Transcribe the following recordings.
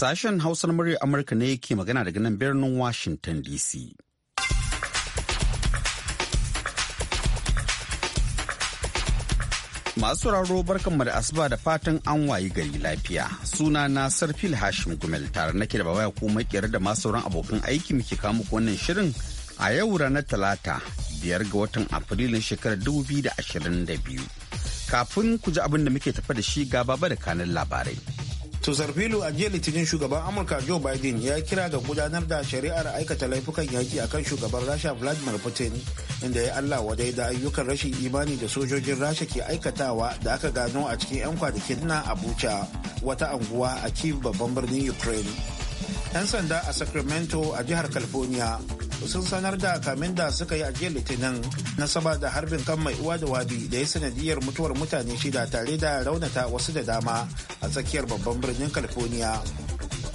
Sashen Hausar na muryar Amurka ne yake magana daga nan birnin Washington DC. Masu raro barkanmu da asuba da fatan an wayi gari lafiya. Suna na Sarfil Hashim Gumel tare nake da babaya ko makiyar da masu sauran abokan aiki muke kawo muku wannan shirin a yau ranar Talata biyar ga watan Afrilun shekarar 2022. Kafin ku ji abin da muke tafa da shi ga baba da kanin labarai. To Zarfilu a jiya litinin shugaban Amurka Joe Biden ya kira ga gudanar da shari'ar aikata laifukan yaki akan shugaban Rasha Vladimir Putin inda ya Allah wadai da ayyukan rashin imani da sojojin Rasha ke aikatawa da aka gano a cikin 'yan kwanakin na Abuja wata anguwa a Kiev babban birnin Ukraine. 'Yan sanda a Sacramento a jihar California sun sanar da kamin da suka yi a jiya litinin nasaba da harbin kan mai uwa da wabi da ya sanadiyar mutuwar mutane shida tare da raunata wasu da dama a tsakiyar babban birnin california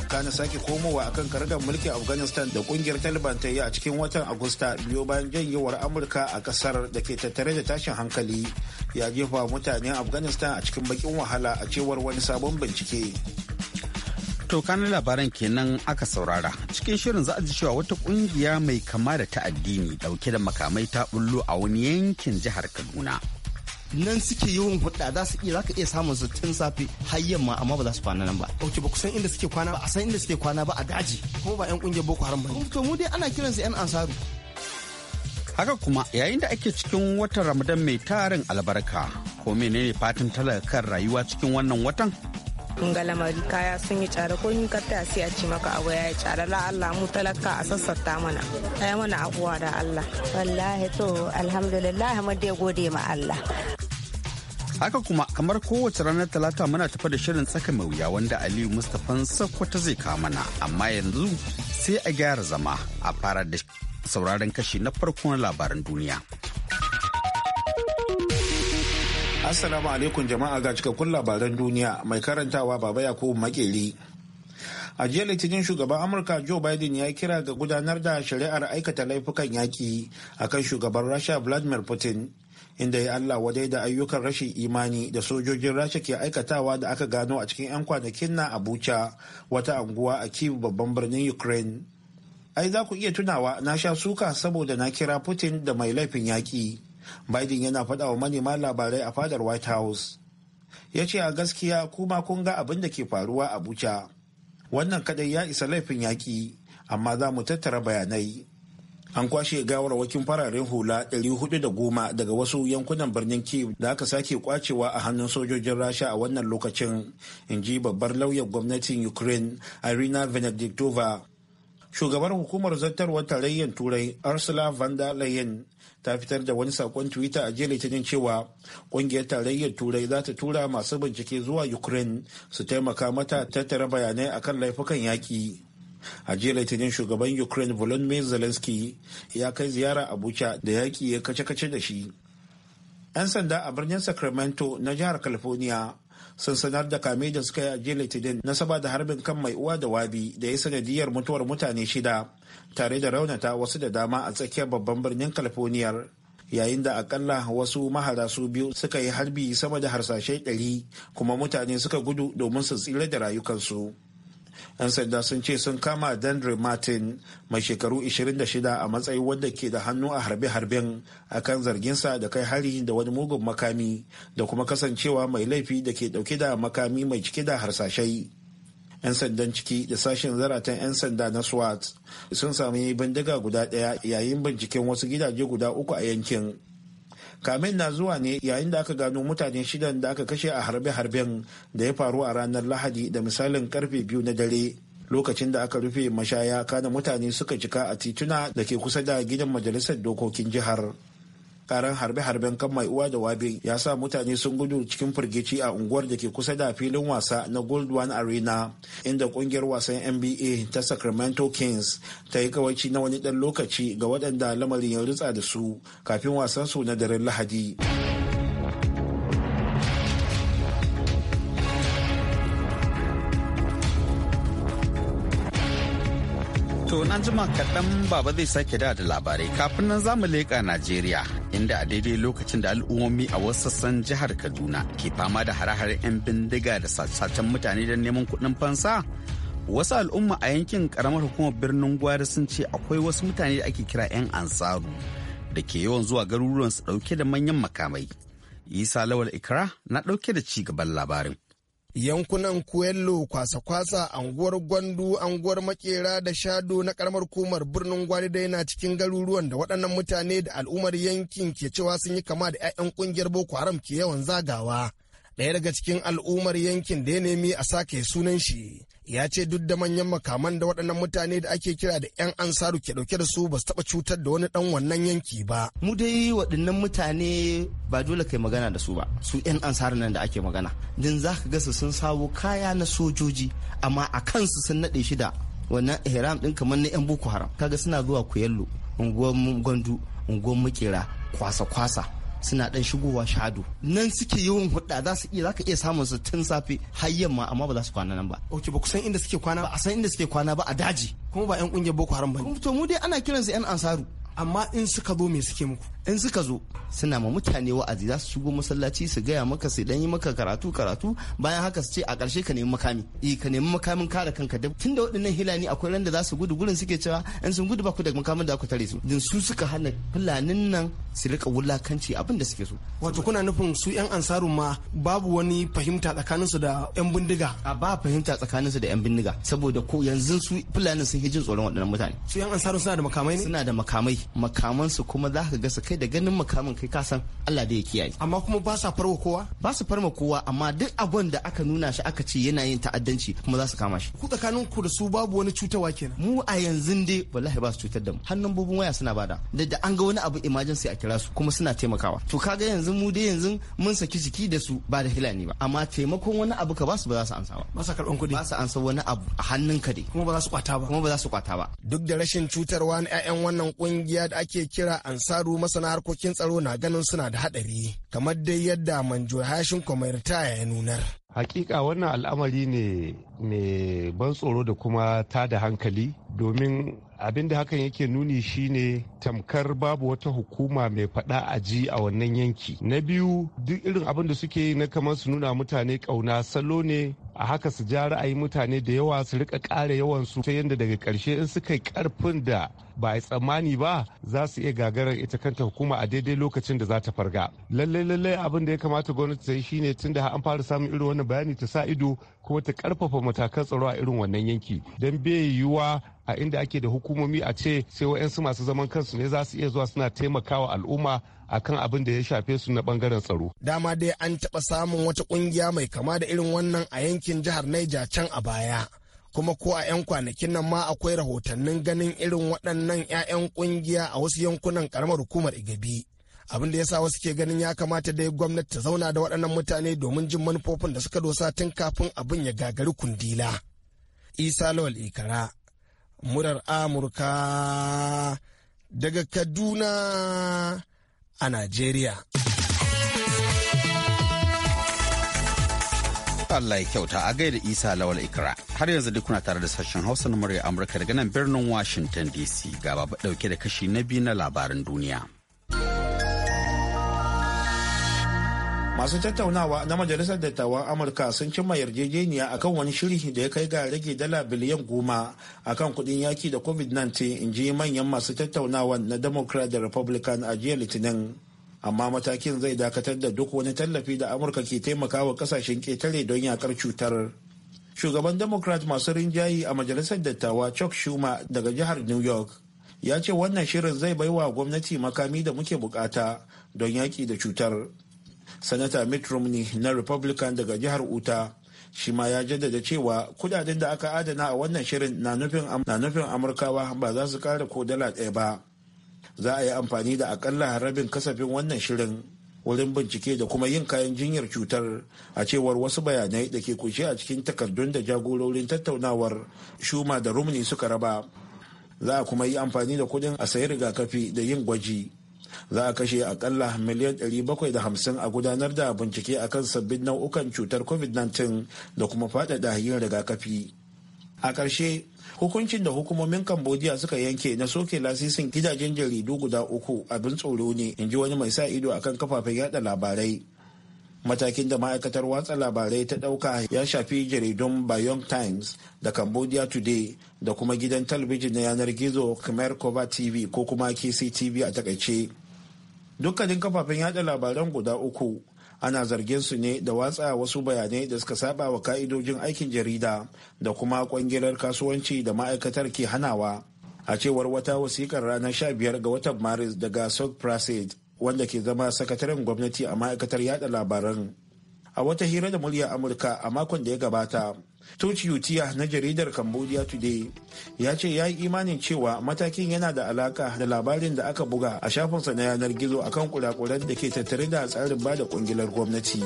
kana sake komowa akan karagar mulkin afghanistan da kungiyar taliban ta yi a cikin watan agusta biyo bayan janyewar amurka a kasar da ke tattare da tashin hankali ya jefa mutanen afghanistan a cikin bakin wahala a cewar wani sabon bincike To kanan labaran kenan aka saurara. Cikin shirin za a ji cewa wata kungiya mai kama da ta addini dauke da makamai ta bullo a wani yankin jihar Kaduna. Nan suke yawan hudda za su iya za ka samun su tun safe har yamma amma ba za su kwana nan ba. Ok ba kusan inda suke kwana ba a san inda suke kwana ba a daji ko ba 'yan kungiyar Boko Haram ba To mu dai ana kiransu 'yan ansaru. haka kuma yayin da ake cikin watan ramadan mai tarin albarka ko menene fatan talakar kan rayuwa cikin wannan watan kun ga lamari kaya sun yi tsare ko in ka sai a ce maka abu ya yi tsada la Allah mu talaka a sassarta mana ai mana abuwa da Allah wallahi to alhamdulillah mu da gode ma Allah haka kuma kamar kowace ranar talata muna tafa da shirin tsaka mai wuya wanda aliyu mustapha sakwata zai mana amma yanzu sai a gyara zama a fara da sauraron kashi na farkon na labaran duniya Assalamu alaikum jama'a ga cikakkun labaran duniya mai karantawa baba Yakubu Makeli. A jiya Litinin shugaban Amurka Joe Biden ya kira ga gudanar da shari'ar aikata laifukan yaƙi a kan shugaban Rasha Vladimir Putin inda ya Allah wadai da ayyukan rashin imani da sojojin Rasha ke aikatawa da aka gano a cikin 'yan kwanakin na Abuja wata anguwa a Kyiv babban birnin Ukraine. Ai za ku iya tunawa na sha suka saboda na kira Putin da mai laifin yaƙi. biden yana faɗa wa manema labarai a fadar white house ya ce a gaskiya kuma kun ga abin da ke faruwa a abuja wannan kadai ya isa laifin yaƙi amma za mu tattara bayanai an kwashe gawar gawarwakin fararen hula 410 daga wasu yankunan birnin kiev da aka sake kwacewa a hannun sojojin rasha a wannan lokacin in ji babbar lauyar gwamnatin ukraine irina venediktova shugabar hukumar zartarwar tarayyar turai ursula van der leyen ta fitar da wani sakon twitter a jiya litinin cewa kungiyar tarayyar turai za ta tura masu bincike zuwa ukraine su taimaka mata tattara bayanai akan laifukan yaƙi a jiya litinin shugaban ukraine volodymyr zelensky ya kai ziyara abuja da yaƙi ya kace-kace da shi 'yan sanda a birnin sacramento na jihar california sun sanar da kame da suka yi a jiya litinin saba da harbin kan mai uwa da wabi da ya sanadiyar mutuwar mutane shida tare da raunata wasu da dama a tsakiyar babban birnin california yayin da akalla wasu mahara su biyu suka yi harbi sama da harsashe 100 kuma mutane suka gudu domin su tsira da rayukansu. 'yan sanda sun ce sun kama dandre martin mai shekaru 26 a matsayin wanda ke da hannu a harbe-harben akan zarginsa da kai hari da wani mugun makami da kuma kasancewa mai laifi da ke dauke da makami mai cike da harsashai 'yan sandan ciki da sashen zaratan 'yan sanda na swat sun sami bindiga guda daya yayin binciken wasu gidaje guda uku a yankin kamen na zuwa ne yayin da aka gano mutane shidan da aka kashe a harbe-harben da ya faru a ranar lahadi da misalin karfe biyu na dare lokacin da aka rufe mashaya kana mutane suka cika a tituna da ke kusa da gidan majalisar dokokin jihar karan harbe-harben kan mai uwa da wabe ya sa mutane sun gudu cikin firgici a unguwar da ke kusa da filin wasa na gold one arena inda kungiyar wasan nba ta sacramento kings ta yi kawaici na wani dan lokaci ga waɗanda lamarin ya ritsa da su kafin wasan su na daren lahadi. sunan jima kaɗan baba zai sake da labarai kafin nan zamu leƙa Najeriya inda a daidai lokacin da al'ummomi a wasu sassan jihar Kaduna ke fama da hare-haren 'yan bindiga da sacen mutane don neman kuɗin fansa. Wasu al'umma a yankin karamar hukumar birnin Gwari sun ce akwai wasu mutane da ake kira 'yan ansaru da ke yawan zuwa garuruwan su ɗauke da manyan makamai. Isa Lawal Ikra na ɗauke da ci gaban labarin. yankunan kuello kwasa-kwasa anguwar gwandu anguwar makera da shado na karamar komar birnin gwari da yana cikin garuruwan da waɗannan mutane da al'ummar yankin ke cewa sun yi kama da 'ya'yan ƙungiyar boko haram ke yawan zagawa ɗaya daga cikin al'ummar yankin da ya nemi a sake sunan shi ya ce duk da manyan makaman da waɗannan mutane da ake kira da 'yan ansaru ke ɗauke da su ba su taɓa cutar da wani ɗan wannan yanki ba. Mu dai waɗannan mutane ba dole kai magana da su ba su 'yan ansaru nan da ake magana. Din za ka gasa sun sabo kaya na sojoji amma a kansu sun naɗe shi da wannan ihram ɗin kamar na 'yan boko haram kaga suna zuwa kuyallo unguwar gwandu unguwar makera kwasa-kwasa suna dan shigowa shado nan suke yawan hudda za su iya za ka iya samun su tun safe har yamma amma ba za su kwana nan ba ok ba ku san inda suke kwana ba a san inda suke kwana ba a daji kuma ba yan kungiyar boko haram ba to mu dai ana kiransu yan ansaru amma in suka zo me suke muku in suka zo suna ma mutane wa'azi za su shigo masallaci su gaya maka sai dan yi maka karatu karatu bayan haka su ce a ƙarshe ka nemi makami eh ka nemi makamin kare kanka da tunda waɗannan hilani akwai ran da za su gudu gurin suke cewa in sun gudu ba ku da makamin da ku tare su din su suka hana fulanin nan su rika wulakanci abin da suke so wato kuna nufin su yan ansarun ma babu wani fahimta tsakanin su da yan bindiga a ba fahimta tsakanin su da yan bindiga saboda ko yanzu su fulanin sun hijin tsoron waɗannan mutane su yan ansarun suna da makamai ne suna da makamai makaman su kuma za ka ga su kai kai da ganin makamin kai ka san Allah da ya kiyaye amma kuma ba sa farwa kowa ba su farma kowa amma duk abin da aka nuna shi aka ce yana yin ta'addanci kuma za su kama shi ku tsakanin ku da su babu wani cutarwa kenan mu a yanzu dai wallahi ba su cutar da mu hannun bubun waya suna bada da da an ga wani abu emergency a kira su kuma suna taimakawa to kaga yanzu mu dai yanzu mun saki jiki da su ba da hilani ba amma taimakon wani abu ka ba su ba za su ansa ba ba sa karban kuɗi ba sa ansa wani abu a hannun ka dai kuma ba za su kwata ba kuma ba za su kwata ba duk da rashin cutarwa na 'ya'yan wannan kungiya da ake kira ansaru masana na harkokin tsaro na ganin suna da haɗari kamar dai yadda manjo hashin kwamaritaya ya nunar hakika wannan al'amari ne mai ban tsoro da kuma ta da hankali domin abin da hakan yake nuni shine tamkar babu wata hukuma mai faɗa a ji a wannan yanki na biyu duk irin abin da suke yi na kamar su nuna mutane ƙauna salo ne a haka su ja ra'ayi mutane da yawa su rika kare yawan su ta yadda daga karshe in suka yi karfin da ba a tsammani ba za su iya gagarar ita kanta hukuma a daidai lokacin da za ta farga lallai lallai abin da ya kamata gwamnati ta yi shine tun da an fara samun irin wannan bayani ta sa ido kuma ta karfafa matakan tsaro a irin wannan yanki don bai yiwuwa a inda ake da hukumomi a ce sai wa'yansu masu zaman kansu ne za su iya zuwa suna taimakawa al'umma akan abin da ya shafe su na bangaren tsaro. Dama dai an taɓa samun wata ƙungiya mai kama da irin wannan a yankin jihar Naija can a baya. Kuma ko a 'yan kwanakin nan ma akwai rahotannin ganin irin waɗannan 'ya'yan ƙungiya a wasu yankunan ƙaramar hukumar Igabi. Abin da ya sa wasu ke ganin ya kamata dai gwamnati ta zauna da waɗannan mutane domin jin manufofin da suka dosa tun kafin abin ya gagari kundila. Isa Lawal Ikara, murar Amurka daga Kaduna. a Najeriya. Allah ya kyauta a gaida Isa Lawal Ikra. Har yanzu duk kuna tare da sashen Hausa na murya Amurka daga nan birnin Washington DC ga baba dauke da kashi na biyu na labaran duniya. masu tattaunawa na majalisar dattawan amurka sun cimma yarjejeniya akan wani shiri da ya kai ga rage dala biliyan goma akan kudin yaki da covid-19 in ji manyan masu tattaunawa na democrat da republican a jiya litinin amma matakin zai dakatar da duk wani tallafi da amurka ke taimakawa kasashen ketare don yakar cutar shugaban democrat masu rinjayi a majalisar dattawa chuck schumer daga jihar new york ya ce wannan shirin zai baiwa gwamnati makami da muke bukata don yaki da cutar sanata mitt romney na republican daga jihar utah shi ma ya jaddada cewa kudaden da aka adana a wannan shirin na nufin amurkawa ba za su kare ko dala ɗaya ba za a yi amfani da akalla rabin kasafin wannan shirin wurin bincike da kuma yin kayan jinyar cutar a cewar wasu bayanai da ke kushe a cikin takardun da jagororin tattaunawar shuma da rumni suka raba za a kuma yi amfani da kudin a sayi rigakafi da yin gwaji za a kashe akalla miliyan 750 a gudanar da bincike a kan sabbin nau'ukan cutar covid-19 da kuma faɗaɗa yin rigakafi a ƙarshe hukuncin da hukumomin cambodia suka yanke na soke lasisin gidajen jaridu guda uku abin tsoro ne in ji wani mai sa ido a kan kafafen yada labarai matakin da ma'aikatar watsa labarai ta ɗauka ya shafi jaridun bayong times da cambodia today da kuma gidan talabijin na yanar gizo khmer cover tv ko kuma kctv a takaice dukkanin kafafen yada labaran guda uku ana zargin su ne da watsa wasu bayanai da suka saba wa ka'idojin aikin jarida da kuma kwangilar kasuwanci da ma'aikatar ke hanawa a cewar wata wasikar ranar sha biyar ga watan maris daga south prasid wanda ke zama sakataren gwamnati a ma'aikatar yada labaran a wata hira da murya amurka a makon da ya gabata Tochi Yutiya na jaridar Cambodia Today ya ce ya yi imanin cewa matakin yana da alaka da labarin da aka buga a shafinsa na yanar gizo akan kurakuran da ke tattare da tsarin ba da kungilar gwamnati.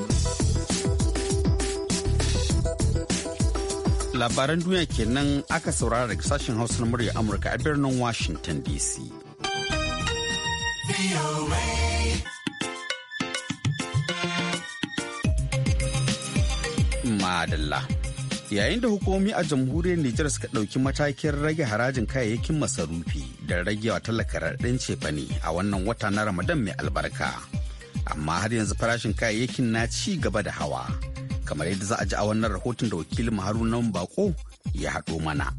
Labaran duniya kenan aka saurara daga sashen Hausa na murya Amurka a birnin Washington DC. Madalla. yayin da hukumomi a jamhuriyar Nijar suka ɗauki matakin rage harajin kayayyakin masarufi da rage wa talakararren cefane a wannan wata na Ramadan mai albarka. Amma har yanzu farashin kayayyakin na ci gaba da hawa. Kamar yadda za a ji a wannan rahoton da wakilin Haruna Bako ya haɗo mana.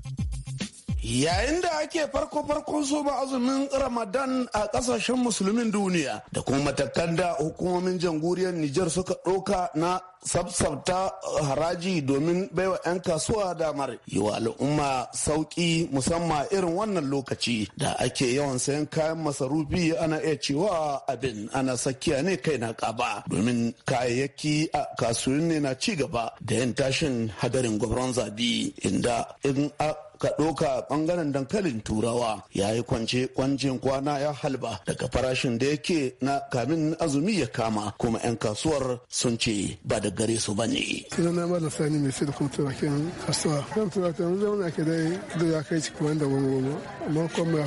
Yayin da ake farko-farkon soma azumin Ramadan a kasashen musulmin duniya da kuma matakan da hukumomin jamhuriyar Nijar suka ɗauka na sabsabta haraji domin baiwa 'yan kasuwa damar yi wa al'umma sauƙi musamman irin wannan lokaci da ake yawan sayan kayan masarufi ana iya cewa abin ana sakiya ne kai na kaba domin kayayyaki a kasuwanni na ci gaba da yin tashin hadarin gwabron zabi inda in ka ɗoka ɓangaren dankalin turawa ya yi kwance kwancin kwana ya halba daga farashin da yake na kamin azumi ya kama kuma 'yan kasuwar sun ce ba da gare su ba ne. Sunana Malam Sani mai sai da kuma turakin kasuwa. Kan turakin mun zauna ke dai da ya kai ciki wanda wani goma. Amma kuma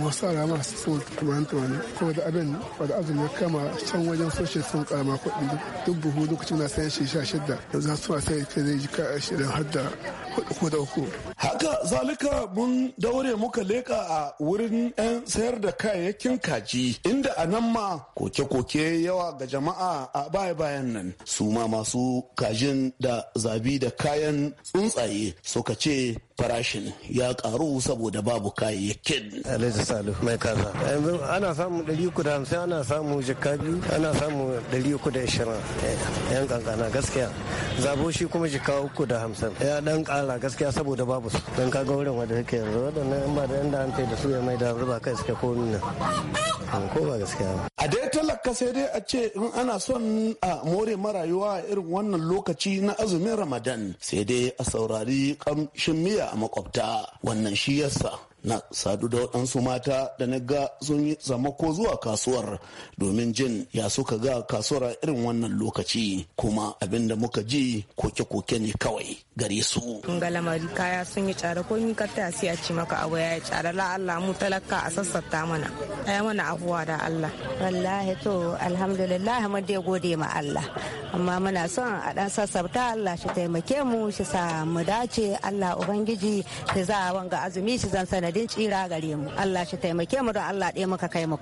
masu rama su so Kuma da abin da azumi ya kama can wajen soshe sun karama kuɗi. Duk buhu lokacin na sayan shi sha shidda. Za su wasa ya kai zai ji ka ashirin har da kuɗi ko da uku. Haka zalika mun daure muka leka a wurin 'yan sayar da kayayyakin kaji inda a nan ma koke-koke yawa ga jama'a a baya-bayan nan su ma masu kajin da zabi da kayan tsuntsaye suka ce farashin ya karu saboda babu kayayyakin. Alhaji Salu mai kaza. Yanzu ana samu ɗari uku da hamsin ana samu jikka biyu ana samu ɗari uku da ishirin eh, yan kankana gaskiya. Zabo shi kuma jikka uku da hamsin. Ya ɗan ƙara gaskiya saboda babu su. Don ga wurin wanda suke yanzu waɗannan in ba da yanda an da su ya mai da zuba kai suke komi nan. Hmm, ko ba gaskiya ba. A dai talaka sai dai a ce in ana son a more marayuwa irin wannan lokaci na azumin Ramadan sai dai a saurari kamshin miya a makwabta wannan shi yasa na sadu da waɗansu mata da na ga sun yi zamako zuwa kasuwar domin jin ya suka ga kasuwar a irin wannan lokaci kuma abin da muka ji koke-koke ne kawai gare su. Kun ga lamari kaya sun yi tsada ko yi karta sai a ci maka abu ya yi tsada la Allah mu talaka a sassata mana. Aya mana afuwa da Allah. Wallahi to alhamdulillah mu dai gode ma Allah. Amma muna son a dan sassauta Allah shi taimake mu shi sa mu dace Allah Ubangiji shi za wanga azumi shi zan sanar sanadin tsira gare mu Allah shi taimake mu da Allah ɗaya muka kai mu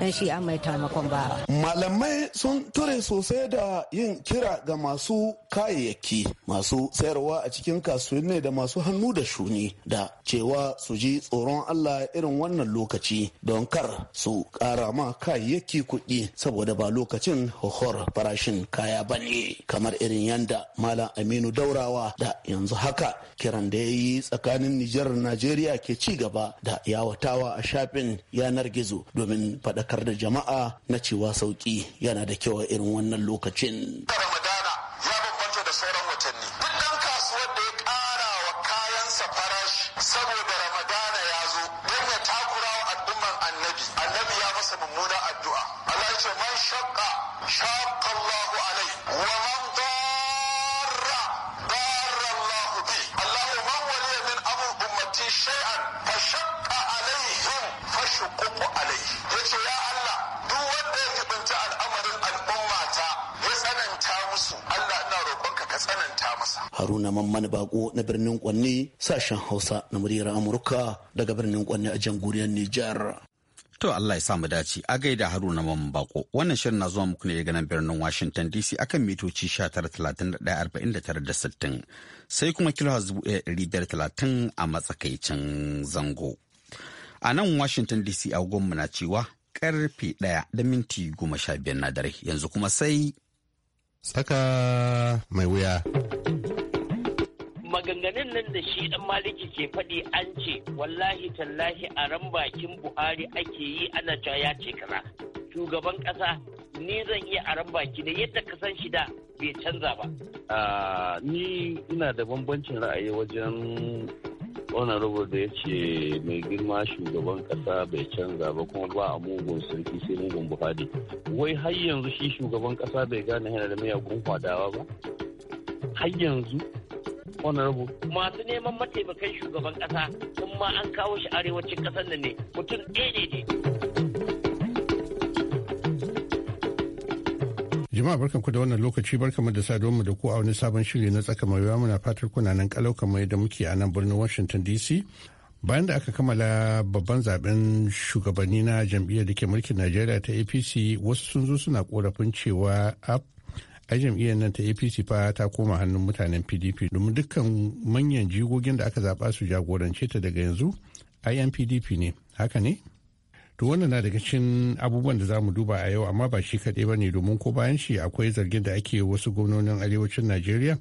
dan shi an mai taimakon bawa malamai sun ture sosai da yin kira ga masu kayayyaki masu sayarwa a cikin kasuwanni da masu hannu da shuni da cewa su ji tsoron Allah irin wannan lokaci don kar su ƙara ma kayayyaki kuɗi saboda ba lokacin hohor farashin kaya ba ne kamar irin yanda Malam Aminu Daurawa da yanzu haka kiran da ya yi tsakanin Nijar Najeriya ke ci gaba da yawatawa a shafin yanar gizo domin faɗakar da jama'a na cewa sauki yana da kyau a irin wannan lokacin. sashen Hausa na muryar Amurka daga birnin Kwanne a jamhuriyar Nijar. To Allah ya samu dace a gaida Haruna Mamman Bako. Wannan shirin na zuwa muku ne daga nan birnin Washington DC akan mitoci 19,39,49,60 sai kuma kilo 1,530 a matsakaicin zango. A nan Washington DC agogonmu na cewa karfe ɗaya da minti goma sha biyar na dare yanzu kuma sai. Saka mai wuya. maganganun nan da shi dan maliki ke faɗi an ce wallahi tallahi a ran bakin buhari ake yi ana cewa ya ce kaza shugaban ƙasa ni zan iya a ran baki da yadda ka san shi da bai canza ba ni ina da bambancin ra'ayi wajen wannan rubar da ya ce mai girma shugaban kasa bai canza ba kuma ba a mugun sarki sai mugun buhari wai har yanzu shi shugaban ƙasa bai gane yana da miyagun kwadawa ba har yanzu honorable masu neman mataimakan shugaban kasa in ma an kawo shi arewacin kasar nan ne mutum ɗaya ne jama'a barkan ku da wannan lokaci barkan mu da saduwar mu da ku a wani sabon shiri na tsaka mai muna fatar kuna nan kalau kamar da muke a nan birnin Washington DC bayan da aka kammala babban zaben shugabanni na jam'iyyar da ke mulkin najeriya ta apc wasu sun zo suna korafin cewa ap a jam'iyyar nan ta apc fa ta koma hannun mutanen pdp domin dukkan manyan jigogin da aka zaba su jagorance ta daga yanzu ai pdp ne haka ne to wannan na daga cikin abubuwan da za mu duba a yau amma ba shi kaɗai ba ne domin ko bayan shi akwai zargin da ake wasu gwamnonin arewacin najeriya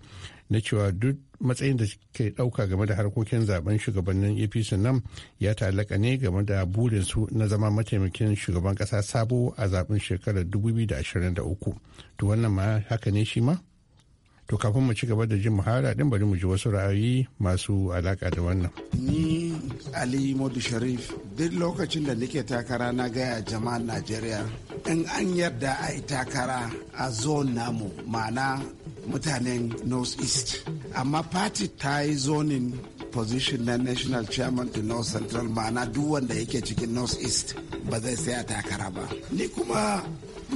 na cewa duk matsayin da ke ɗauka game da harkokin zaben shugabannin apc nan ya ta'allaka ne game da burinsu na zama mataimakin shugaban ƙasa sabo a zaben shekarar 2023 to wannan ma haka ne shi ma To kafin mu ci gaba da jin muhara din bari mu ji wasu ra'ayi masu alaka da wannan. Ni Ali Modu Sharif duk lokacin da nake takara na gaya jama'a Najeriya in an yarda a yi takara a zone namu ma'ana mutanen North East. Amma party ta yi zonin position na national chairman to north central ma'ana duk wanda yake cikin north east ba zai saya takara ba ni kuma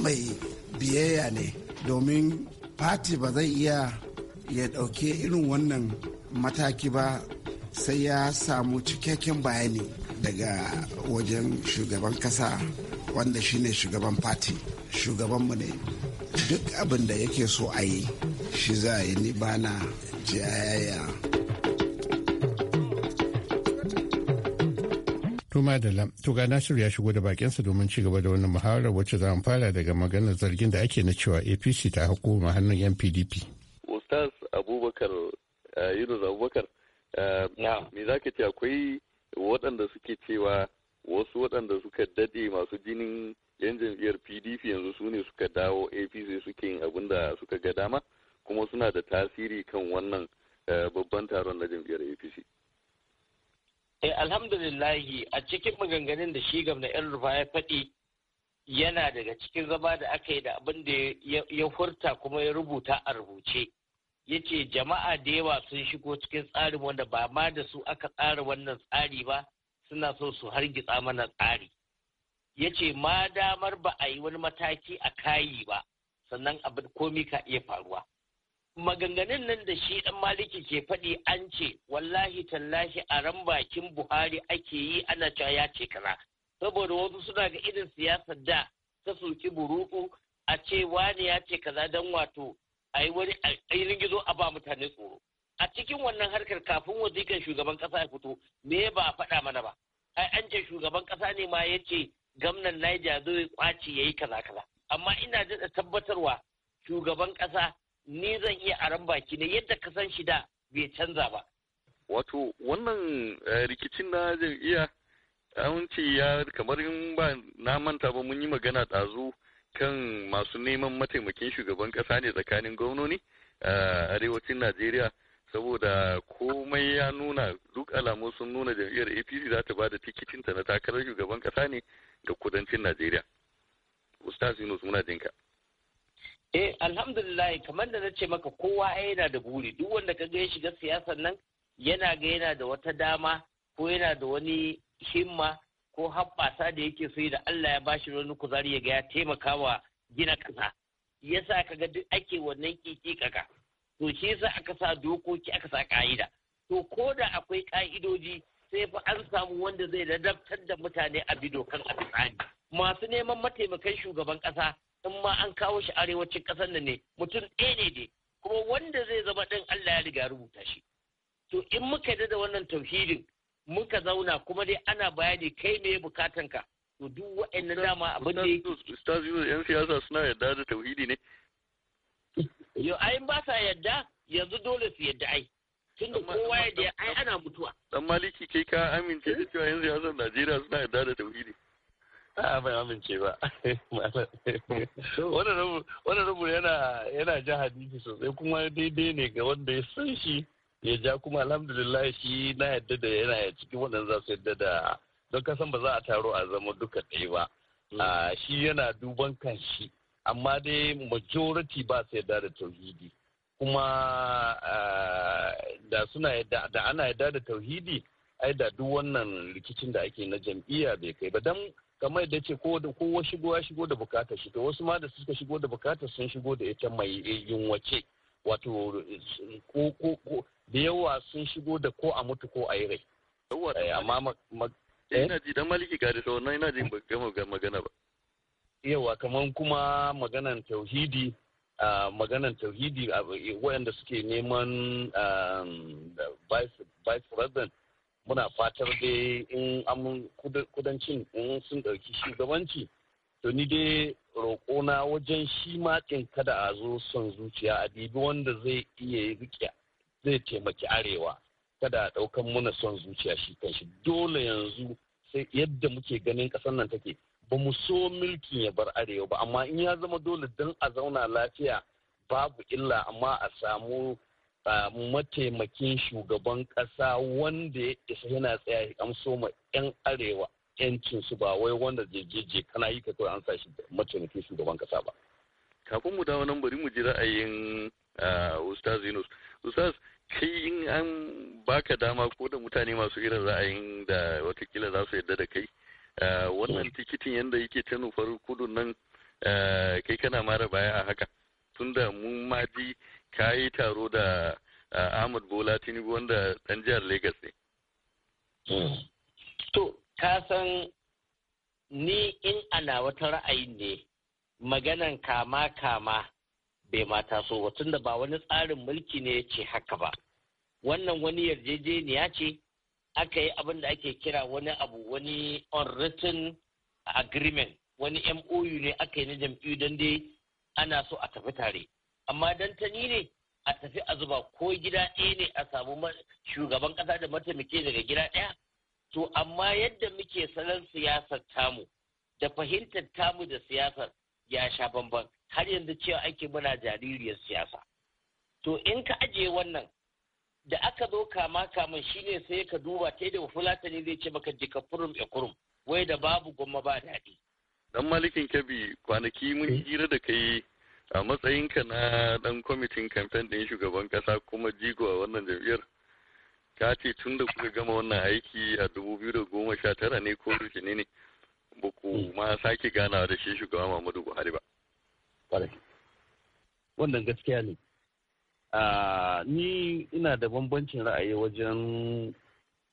mai biyayya ne domin fati ba zai iya ya dauke irin wannan mataki ba sai ya samu cikakken bayani daga wajen shugaban kasa wanda shine shugaban fati shugaban mu ne duk abin da yake so a yi shi za a yi ni bana jayaya To madalla, to ga Nasiru ya shigo da bakin bakinsa domin ci gaba da wannan muhawarar wacce za mu fara daga maganar zargin da ake na cewa APC ta hako ma hannun 'yan PDP. Ustaz Abubakar eh, Yunus Abubakar, eh, me za ka ce akwai waɗanda suke cewa wasu waɗanda suka dade masu jinin 'yan jam'iyyar PDP yanzu su ne suka dawo APC suke yin abin da suka ga dama kuma suna da tasiri kan wannan eh, babban taron na jam'iyyar APC. Eh alhamdulillahi a cikin maganganun da shi gamna yan rufa ya faɗi yana daga cikin zama da aka yi da abin da ya furta kuma ya rubuta a rubuce. Ya ce jama'a da yawa sun shigo cikin tsarin wanda ba ma da su aka tsara wannan tsari ba suna so su hargitsa mana tsari. Ya ce ma damar ba a yi wani mataki a kayi ba sannan abin komi ka iya faruwa. maganganun nan da shi dan maliki ke faɗi an ce wallahi tallahi a ran bakin buhari ake yi ana cewa ya ce kaza saboda wasu suna ga irin siyasar da ta soki buruku a ce wani ya ce kaza dan wato a yi wani ainihin gizo a ba mutane tsoro a cikin wannan harkar kafin wazikan shugaban kasa ya fito me ba a faɗa mana ba ai an ce shugaban kasa ne ma ya ce gwamnan Niger zai kwaci yayi kaza kaza amma ina da tabbatarwa shugaban kasa ni zan iya aron baki ne yadda ka san shi da bai canza ba wato wannan eh, rikicin na jam'iyya ce ya kamar in ba na manta ba mun yi magana ɗazu kan masu neman mataimakin shugaban ƙasa ne tsakanin gwamnoni eh, a arewacin najeriya saboda komai ya nuna duk alamu sun nuna jam'iyyar apc za ta ba da tikitinta na takarar shugaban ƙasa ne ga kudancin najeriya ustaz yunus muna jinka eh alhamdulillah kamar da na ce maka kowa yana da buri duk wanda ka ga ya shiga siyasan nan yana ga yana da wata dama ko yana da wani himma ko haɓɓasa da yake so da Allah ya bashi wani kuzari ya ga ya taimaka wa gina ƙasa yasa ka ga duk ake wannan kiki kaka to shi yasa aka sa dokoki aka sa ka'ida to ko da akwai ka'idoji sai fa an samu wanda zai ladabtar da mutane a bi dokan a masu neman mataimakan shugaban ƙasa in ma an kawo shi arewacin ƙasar nan ne mutum ɗaya ne dai kuma wanda zai zama ɗan Allah ya riga rubuta shi to in muka yi da wannan tauhidin muka zauna kuma dai ana bayani kai me bukatan ka to duk wa'annan dama abin da ustaz Yunus yan siyasa suna yadda da tauhidi ne yo ai ba sa yadda yanzu dole su yadda ai da kowa ya ai ana mutuwa dan maliki kai ka amince da cewa yan siyasar Najeriya suna yadda da tauhidi A'a bai amince ba. Wannan rubu yana ja hadisi sosai kuma daidai ne ga wanda ya san shi ya ja kuma alhamdulillah shi na yadda da yana ya cikin waɗanda za su yadda da don kasan ba za a taro a zama duka ɗaya ba. Mm. Shi yana duban kan shi amma dai majority ba su yadda da tauhidi. Kuma da suna yadda da ana yadda da tauhidi ai da duk wannan rikicin da ake na jam'iyya bai kai ba dan kamar da ce wa shigo ya shigo da bukatar shi to wasu ma da suka shigo da bukatar sun shigo da ita mai yunwace wato da yawa sun shigo da ko a mutu ko a yi rai eh, amma eh, eh? ina ji dan maliki gari da wannan ina ji gama magana ba yawa kamar kuma maganan tauhidi maganan tauhidi suke neman um, vice president muna fatar dai in amin kudancin in sun ɗauki shugabanci to ni dai roƙona wajen shi maɗin kada a zo son zuciya a dibi wanda zai iya riƙe zai taimaki arewa kada a ɗaukan muna son zuciya shi kanshi dole yanzu sai yadda muke ganin ƙasar nan take ba mu so milkin ya bar arewa ba amma in ya zama dole don a zauna lafiya babu illa amma a samu mataimakin shugaban kasa wanda ya isa yana tsaya ya amso ma 'yan arewa yancin su ba wai wanda jejeje kana yi ka kawai an sa shi mataimakin shugaban kasa ba. Kafin mu dawo nan bari mu ji ra'ayin Ustaz Yunus. Ustaz, kai in an baka dama ko da mutane masu irin ra'ayin da watakila za su yarda da kai wannan tikitin yadda yake ta nufar kudu nan kai kana mara baya a haka tunda mun ma ji ka yi taro da Ahmad Bola Tinubu wanda ɗan jihar Legas ne. Hmm. To, ka san ni in ana wata ra'ayin ne maganan kama kama bai mata so ba da ba wani tsarin mulki ne ce haka ba. Wannan wani yarjejeniya ce aka yi abin da ake kira wani abu wani unwritten agreement wani MOU ne aka yi na jam'iyyu don dai ana so a tafi tare. amma ta ni ne a tafi a zuba ko gida ɗaya ne a samu shugaban ƙasa da mataimake daga gida ɗaya to amma yadda muke salon siyasar tamu da fahimtar tamu da siyasar ya sha bamban har yanzu cewa ake muna jaririyar siyasa to in ka ajiye wannan da aka zo kama kaman shine sai ka duba ta da fulatani zai ce maka jika furum ya e kurum wai da babu goma ba daɗi dan malikin kabi kwanaki mun eh. hira da kai a matsayinka na dan kwamitin kamfen ɗin shugaban ƙasa kuma jigo a wannan jam'iyyar ka ce tun da kuka gama wannan aiki a tara ne ko yaushe ne ba ku hmm. ma sake ganawa da shi shugaban Muhammadu Buhari ba. Wannan gaskiya ne. Ni ina da bambancin ra'ayi wajen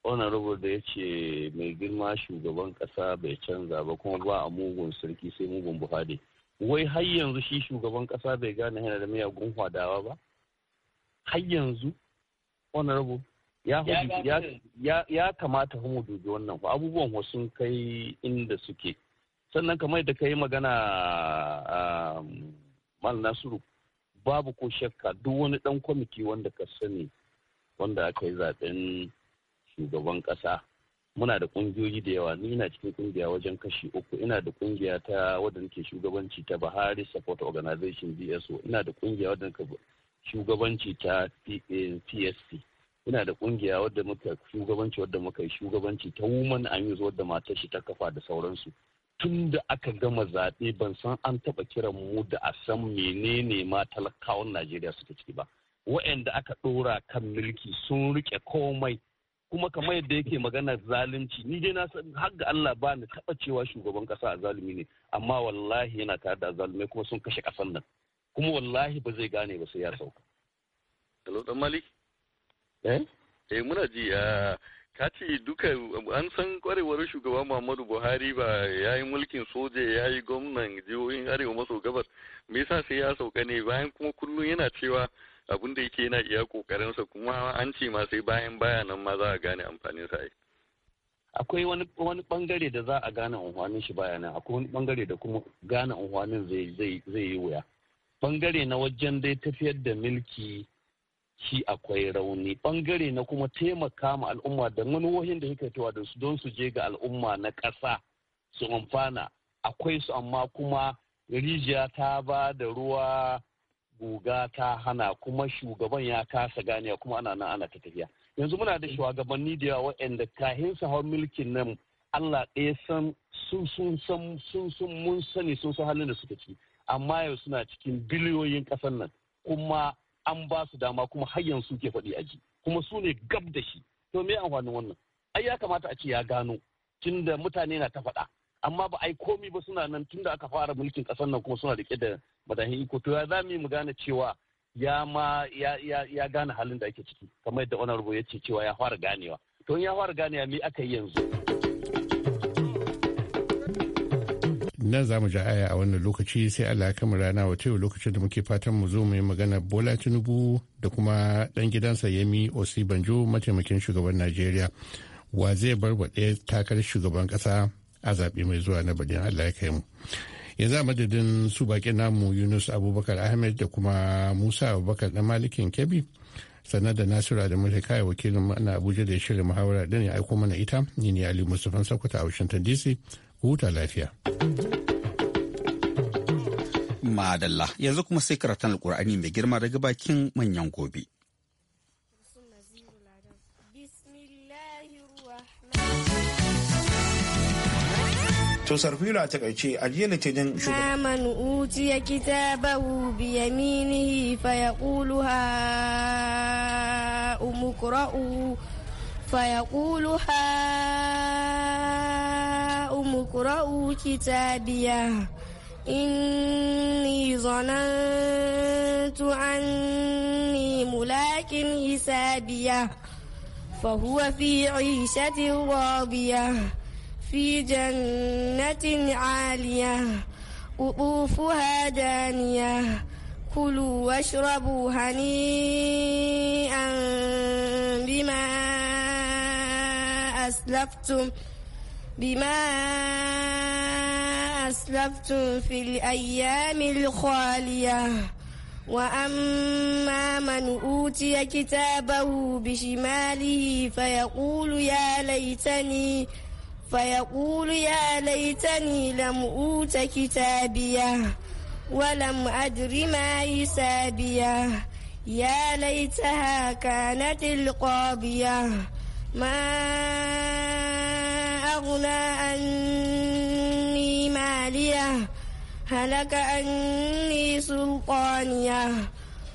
honorable da ya ce mai girma shugaban ƙasa bai canza ba kuma ba a mugun sarki sai mugun Buhari. wai har yanzu shi shugaban kasa bai gane yana da miyagun hwadawa ba har yanzu honorable ya kamata mu dubi wannan ba abubuwan wasu kai inda suke sannan kamar da ka yi magana um, mal nasiru babu ko shakka duk wani dan kwamiti wanda ka sani wanda aka yi zaben shugaban kasa muna da kungiyoyi da yawa ni ina cikin kungiya wajen kashi uku ina da kungiya ta wadda nake shugabanci ta Bahari Support Organization BSO ina da kungiya wadda nake shugabanci ta psc eh, ina da kungiya wadda muka shugabanci wadda muka shugabanci ta woman and wadda matar shi ta kafa da sauransu tun da aka gama zaɓe ban san an taɓa kiran mu da a san menene ma talakawan Najeriya suka ciki ba. Wa'anda aka ɗora kan mulki sun riƙe komai kuma kamar yadda yake magana zalunci ni dai na san har ga Allah ba ni taba cewa shugaban kasa a zalumi ne amma wallahi yana tare da zalumai kuma sun kashe kasan nan kuma wallahi ba zai gane ba sai ya sauka Hello dan Malik eh eh muna ji ka ce duka an san kwarewar shugaba Muhammadu Buhari ba ya yi mulkin soja ya yi gwamnan jihohin arewa maso gabas me yasa sai ya sauka ne bayan kuma kullum yana cewa abin da yake yana iya kokarinsa kuma an ce ma sai bayan baya nan ma za a gane amfanin sa akwai wani wani bangare da za a gane unhwanin shi baya nan akwai wani bangare da kuma gane unhwanin zai zai zai yi wuya bangare na wajen dai tafiyar da milki shi akwai rauni bangare na kuma taimaka ma al'umma da manuwohin da yake tawa da su don su je ga al'umma na ƙasa su amfana akwai su amma kuma rijiya ta ba da ruwa guga ta hana kuma shugaban ya kasa gane kuma ana nan ana ta tafiya yanzu muna da shugabanni da yawa waɗanda kahin su hau mulkin nan Allah ɗaya san sun sun san sun sun mun sani sun san halin da suka ci amma yau suna cikin biliyoyin ƙasar nan kuma an ba su dama kuma har yanzu ke faɗi aji kuma su ne gab da shi to me amfanin wannan ai ya kamata a ce ya gano tunda mutane na ta faɗa amma ba ai komi ba suna nan tunda aka fara mulkin ƙasar nan kuma suna rike da madahin iko to ya zami mu gane cewa ya ma ya gane halin da ake ciki kamar yadda honorable ya ce cewa ya fara ganewa to ya fara ganewa me aka yi yanzu nan za mu ja aya a wannan lokaci sai Allah ya kama rana wa yau lokacin da muke fatan mu zo mu yi magana Bola Tinubu da kuma dan gidansa osi banjo mataimakin shugaban Najeriya wa zai bar wa ɗaya takarar shugaban ƙasa a zaɓe mai zuwa na bajin Allah ya kai mu. yanzu a madadin su bakin namu yunus abubakar ahmed da kuma musa abubakar na malikin kebbi sannan da nasiru da kai wakilin mana abuja da ya shirya muhawara din ya aiko mana ita ni ne ali musufan sakuta a washington dc huta lafiya madalla yanzu kuma sai karatun alkur'ani mai girma daga bakin manyan gobe To sarfilu a takaice a jiya litinin shugaban. Man utiya kitabahu bi yaminihi fa yaqulu ha umqra'u fa yaqulu ha umqra'u kitabiyah إني ظننت أني ملاك حسابية فهو في عيشة راضية في جنة عالية قطوفها دانية كلوا واشربوا هنيئا بما أسلفتم بما أسلفتم في الأيام الخالية وأما من أوتي كتابه بشماله فيقول يا ليتني فيقول يا ليتني لم أوت كتابيه ولم أدر ما حسابيه يا ليتها كانت القاضية ما أغنى عني مالية هلك عني سلطانية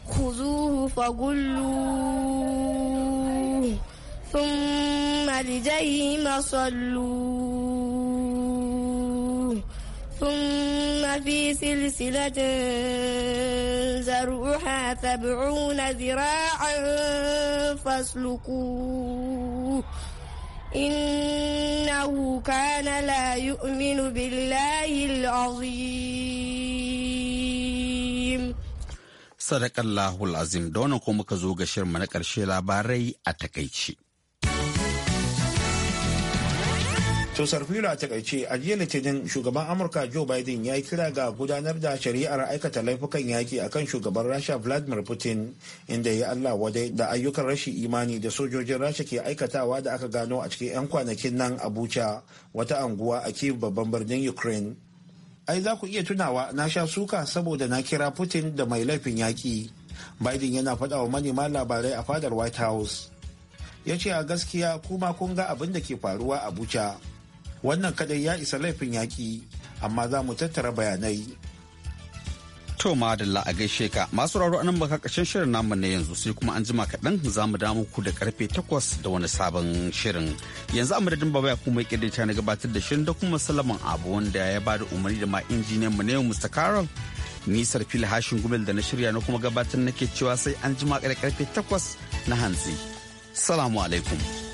خذوه فقلوه ثم الجحيم صلوه ثم في سلسلة زرعها سبعون ذراعا فاسلكوه إنه كان لا يؤمن بالله العظيم صدق الله العظيم دونكم كزوج شرمنا كرشي لاباري أتكيشي To Sarfilo a takaice a jiya litinin shugaban Amurka Joe Biden ya yi kira ga gudanar da shari'ar aikata laifukan yaƙi akan shugaban Rasha Vladimir Putin inda ya Allah wadai da ayyukan rashin imani da sojojin Rasha ke aikatawa da aka gano a cikin 'yan kwanakin nan Abuja wata anguwa a ke babban birnin Ukraine. Ai za ku iya tunawa na sha suka saboda na kira Putin da mai laifin yaƙi. Biden yana faɗa wa manema labarai a fadar White House. Ya ce a gaskiya kuma kun ga abin da ke faruwa a Abuja. wannan kadai ya isa laifin yaƙi amma za mu tattara bayanai to madalla a gaishe ka masu raro anan baka ƙarshen shirin namu ne yanzu sai kuma an jima kaɗan za mu damu ku da karfe takwas da wani sabon shirin yanzu a madadin baba ya kuma ƙirɗin ta na gabatar da shirin da kuma salaman abu wanda ya ba da umarni da ma injiniyan mu ne mr carol nisar fili hashin gumel da na shirya na kuma gabatar nake cewa sai an jima karfe takwas na hantsi salamu alaikum